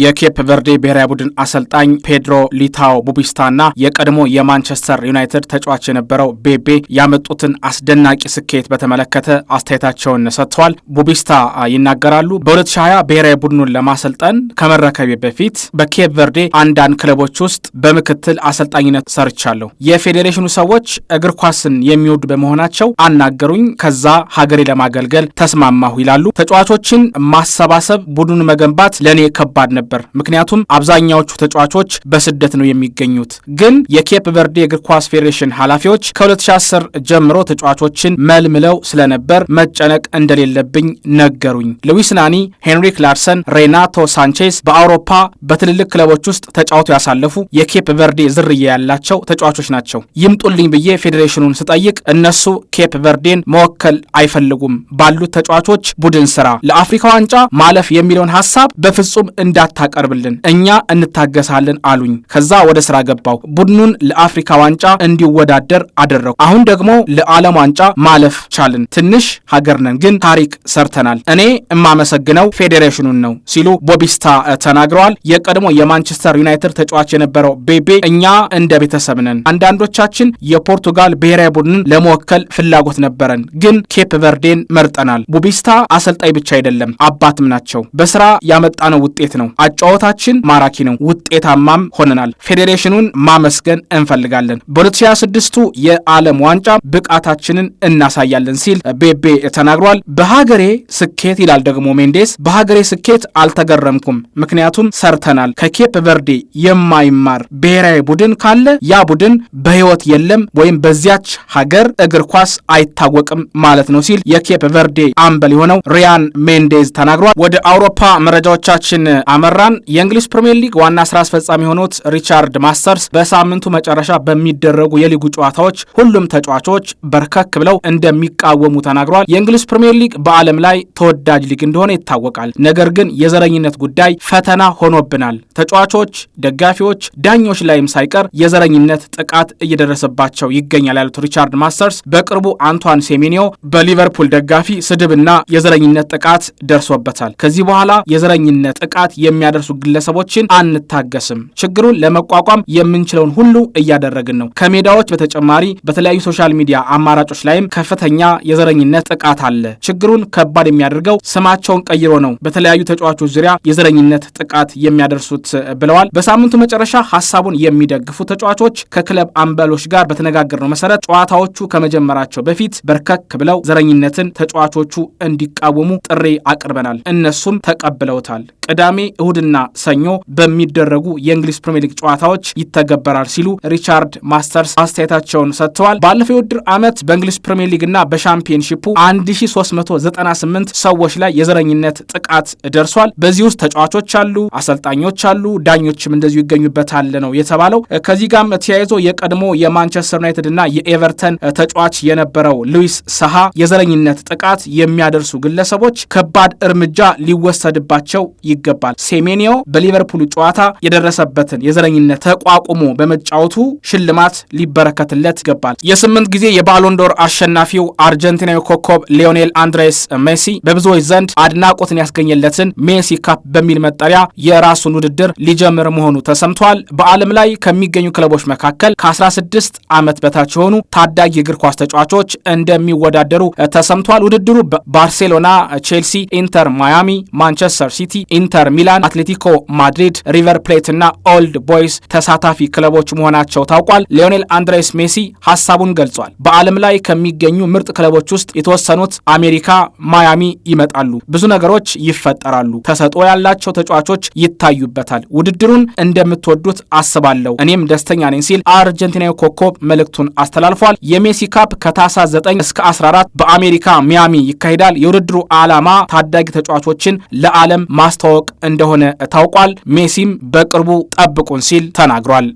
የኬፕ ቨርዴ ብሔራዊ ቡድን አሰልጣኝ ፔድሮ ሊታው ቡቢስታና የቀድሞ የማንቸስተር ዩናይትድ ተጫዋች የነበረው ቤቤ ያመጡትን አስደናቂ ስኬት በተመለከተ አስተያየታቸውን ሰጥተዋል። ቡቢስታ ይናገራሉ። በ2020 ብሔራዊ ቡድኑን ለማሰልጠን ከመረከቤ በፊት በኬፕ ቨርዴ አንዳንድ ክለቦች ውስጥ በምክትል አሰልጣኝነት ሰርቻለሁ። የፌዴሬሽኑ ሰዎች እግር ኳስን የሚወዱ በመሆናቸው አናገሩኝ። ከዛ ሀገሬ ለማገልገል ተስማማሁ ይላሉ። ተጫዋቾችን ማሰባሰብ፣ ቡድኑን መገንባት ለእኔ ከባድ ነው ነበር። ምክንያቱም አብዛኛዎቹ ተጫዋቾች በስደት ነው የሚገኙት። ግን የኬፕ ቨርዴ እግር ኳስ ፌዴሬሽን ኃላፊዎች ከ2010 ጀምሮ ተጫዋቾችን መልምለው ስለነበር መጨነቅ እንደሌለብኝ ነገሩኝ። ሉዊስ ናኒ፣ ሄንሪክ ላርሰን፣ ሬናቶ ሳንቼዝ በአውሮፓ በትልልቅ ክለቦች ውስጥ ተጫውተው ያሳለፉ የኬፕ ቨርዴ ዝርያ ያላቸው ተጫዋቾች ናቸው። ይምጡልኝ ብዬ ፌዴሬሽኑን ስጠይቅ እነሱ ኬፕ ቨርዴን መወከል አይፈልጉም ባሉት ተጫዋቾች ቡድን ስራ ለአፍሪካ ዋንጫ ማለፍ የሚለውን ሀሳብ በፍጹም እንዳ አታቀርብልን፣ እኛ እንታገሳለን አሉኝ። ከዛ ወደ ስራ ገባው። ቡድኑን ለአፍሪካ ዋንጫ እንዲወዳደር አደረጉ። አሁን ደግሞ ለዓለም ዋንጫ ማለፍ ቻልን። ትንሽ ሀገር ነን፣ ግን ታሪክ ሰርተናል። እኔ የማመሰግነው ፌዴሬሽኑን ነው ሲሉ ቦቢስታ ተናግረዋል። የቀድሞ የማንቸስተር ዩናይትድ ተጫዋች የነበረው ቤቤ እኛ እንደ ቤተሰብ ነን። አንዳንዶቻችን የፖርቱጋል ብሔራዊ ቡድንን ለመወከል ፍላጎት ነበረን፣ ግን ኬፕ ቨርዴን መርጠናል። ቦቢስታ አሰልጣኝ ብቻ አይደለም አባትም ናቸው። በስራ ያመጣነው ውጤት ነው። አጫወታችን ማራኪ ነው፣ ውጤታማም ሆነናል። ፌዴሬሽኑን ማመስገን እንፈልጋለን። በ2026ቱ የዓለም ዋንጫ ብቃታችንን እናሳያለን ሲል ቤቤ ተናግሯል። በሀገሬ ስኬት ይላል ደግሞ ሜንዴስ። በሀገሬ ስኬት አልተገረምኩም፣ ምክንያቱም ሰርተናል። ከኬፕ ቨርዴ የማይማር ብሔራዊ ቡድን ካለ ያ ቡድን በህይወት የለም ወይም በዚያች ሀገር እግር ኳስ አይታወቅም ማለት ነው ሲል የኬፕ ቨርዴ አምበል የሆነው ሪያን ሜንዴዝ ተናግሯል። ወደ አውሮፓ መረጃዎቻችን አመ እየመራን የእንግሊዝ ፕሪምየር ሊግ ዋና ስራ አስፈጻሚ የሆኑት ሪቻርድ ማስተርስ በሳምንቱ መጨረሻ በሚደረጉ የሊጉ ጨዋታዎች ሁሉም ተጫዋቾች በርከክ ብለው እንደሚቃወሙ ተናግሯል። የእንግሊዝ ፕሪምየር ሊግ በዓለም ላይ ተወዳጅ ሊግ እንደሆነ ይታወቃል። ነገር ግን የዘረኝነት ጉዳይ ፈተና ሆኖብናል። ተጫዋቾች፣ ደጋፊዎች፣ ዳኞች ላይም ሳይቀር የዘረኝነት ጥቃት እየደረሰባቸው ይገኛል ያሉት ሪቻርድ ማስተርስ በቅርቡ አንቷን ሴሜኒዮ በሊቨርፑል ደጋፊ ስድብና የዘረኝነት ጥቃት ደርሶበታል። ከዚህ በኋላ የዘረኝነት ጥቃት የሚ የሚያደርሱ ግለሰቦችን አንታገስም። ችግሩን ለመቋቋም የምንችለውን ሁሉ እያደረግን ነው። ከሜዳዎች በተጨማሪ በተለያዩ ሶሻል ሚዲያ አማራጮች ላይም ከፍተኛ የዘረኝነት ጥቃት አለ። ችግሩን ከባድ የሚያደርገው ስማቸውን ቀይሮ ነው በተለያዩ ተጫዋቾች ዙሪያ የዘረኝነት ጥቃት የሚያደርሱት ብለዋል። በሳምንቱ መጨረሻ ሀሳቡን የሚደግፉ ተጫዋቾች ከክለብ አምበሎች ጋር በተነጋገርነው መሰረት ጨዋታዎቹ ከመጀመራቸው በፊት በርከክ ብለው ዘረኝነትን ተጫዋቾቹ እንዲቃወሙ ጥሪ አቅርበናል። እነሱም ተቀብለውታል። ቅዳሜ እሁድና ሰኞ በሚደረጉ የእንግሊዝ ፕሪምየር ሊግ ጨዋታዎች ይተገበራል ሲሉ ሪቻርድ ማስተርስ አስተያየታቸውን ሰጥተዋል። ባለፈው የውድድር ዓመት በእንግሊዝ ፕሪምየር ሊግና በሻምፒየንሺፑ 1398 ሰዎች ላይ የዘረኝነት ጥቃት ደርሷል። በዚህ ውስጥ ተጫዋቾች አሉ፣ አሰልጣኞች አሉ፣ ዳኞችም እንደዚሁ ይገኙበታል ነው የተባለው። ከዚህ ጋርም ተያይዞ የቀድሞ የማንቸስተር ዩናይትድ እና የኤቨርተን ተጫዋች የነበረው ሉዊስ ሰሃ የዘረኝነት ጥቃት የሚያደርሱ ግለሰቦች ከባድ እርምጃ ሊወሰድባቸው ይገባል ሴሜኒዮ በሊቨርፑል ጨዋታ የደረሰበትን የዘረኝነት ተቋቁሞ በመጫወቱ ሽልማት ሊበረከትለት ይገባል። የስምንት ጊዜ የባሎንዶር አሸናፊው አርጀንቲናዊ ኮከብ ሊዮኔል አንድሬስ ሜሲ በብዙዎች ዘንድ አድናቆትን ያስገኘለትን ሜሲ ካፕ በሚል መጠሪያ የራሱን ውድድር ሊጀምር መሆኑ ተሰምቷል። በዓለም ላይ ከሚገኙ ክለቦች መካከል ከ16 ዓመት በታች የሆኑ ታዳጊ እግር ኳስ ተጫዋቾች እንደሚወዳደሩ ተሰምቷል። ውድድሩ ባርሴሎና፣ ቼልሲ፣ ኢንተር ማያሚ፣ ማንቸስተር ሲቲ፣ ኢንተር ሚላን አትሌቲኮ ማድሪድ፣ ሪቨር ፕሌት እና ኦልድ ቦይስ ተሳታፊ ክለቦች መሆናቸው ታውቋል። ሊዮኔል አንድሬስ ሜሲ ሀሳቡን ገልጿል። በዓለም ላይ ከሚገኙ ምርጥ ክለቦች ውስጥ የተወሰኑት አሜሪካ ማያሚ ይመጣሉ። ብዙ ነገሮች ይፈጠራሉ። ተሰጥኦ ያላቸው ተጫዋቾች ይታዩበታል። ውድድሩን እንደምትወዱት አስባለሁ። እኔም ደስተኛ ነኝ ሲል አርጀንቲናዊ ኮከብ መልእክቱን አስተላልፏል። የሜሲ ካፕ ከታሳ 9 እስከ 14 በአሜሪካ ሚያሚ ይካሄዳል። የውድድሩ ዓላማ ታዳጊ ተጫዋቾችን ለዓለም ማስተዋወቅ እንደሆነ እንደሆነ ታውቋል። ሜሲም በቅርቡ ጠብቁን ሲል ተናግሯል።